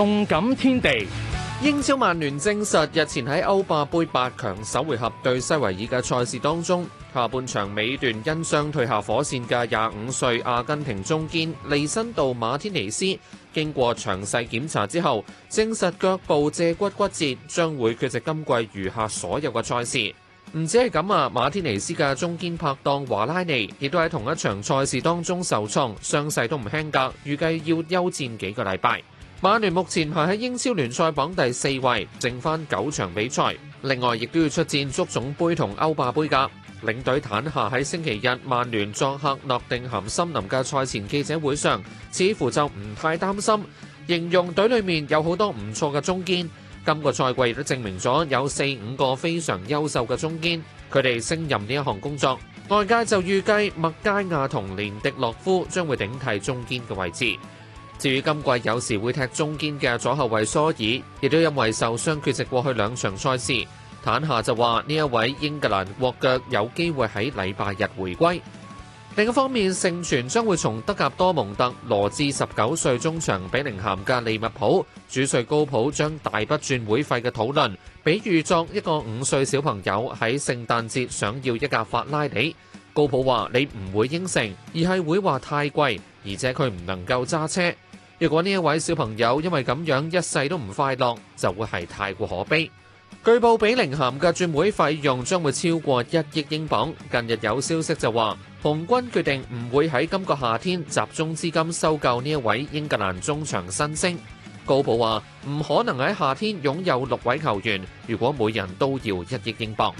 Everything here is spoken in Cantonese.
動感天地，英超曼聯證實，日前喺歐霸盃八強首回合對西維爾嘅賽事當中，下半場尾段因傷退下火線嘅廿五歲阿根廷中堅利辛度馬天尼斯，經過詳細檢查之後證實腳部蹠骨骨折，將會缺席今季餘下所有嘅賽事。唔止係咁啊，馬天尼斯嘅中堅拍檔華拉尼亦都喺同一場賽事當中受創，傷勢都唔輕噶，預計要休戰幾個禮拜。曼聯目前排喺英超聯賽榜第四位，剩翻九場比賽，另外亦都要出戰足總盃同歐霸盃噶。領隊坦夏喺星期日曼聯作客諾定咸森林嘅賽前記者會上，似乎就唔太擔心，形容隊裏面有好多唔錯嘅中堅，今個賽季亦都證明咗有四五個非常優秀嘅中堅，佢哋勝任呢一項工作。外界就預計麥佳亞同連迪洛夫將會頂替中堅嘅位置。至於今季有時會踢中堅嘅左後衛梳爾，亦都因為受傷缺席過去兩場賽事。坦夏就話呢一位英格蘭國腳有機會喺禮拜日回歸。另一方面，盛傳將會從德甲多蒙特羅致十九歲中場比寧咸嘅利物浦主帥高普將大筆轉會費嘅討論，比喻作一個五歲小朋友喺聖誕節想要一架法拉利。高普話：你唔會應承，而係會話太貴，而且佢唔能夠揸車。如果呢一位小朋友因為咁樣一世都唔快樂，就會係太過可悲。據報比靈鹹嘅轉會費用將會超過一億英鎊。近日有消息就話紅軍決定唔會喺今個夏天集中資金收購呢一位英格蘭中場新星。高普話，唔可能喺夏天擁有六位球員，如果每人都要一億英鎊。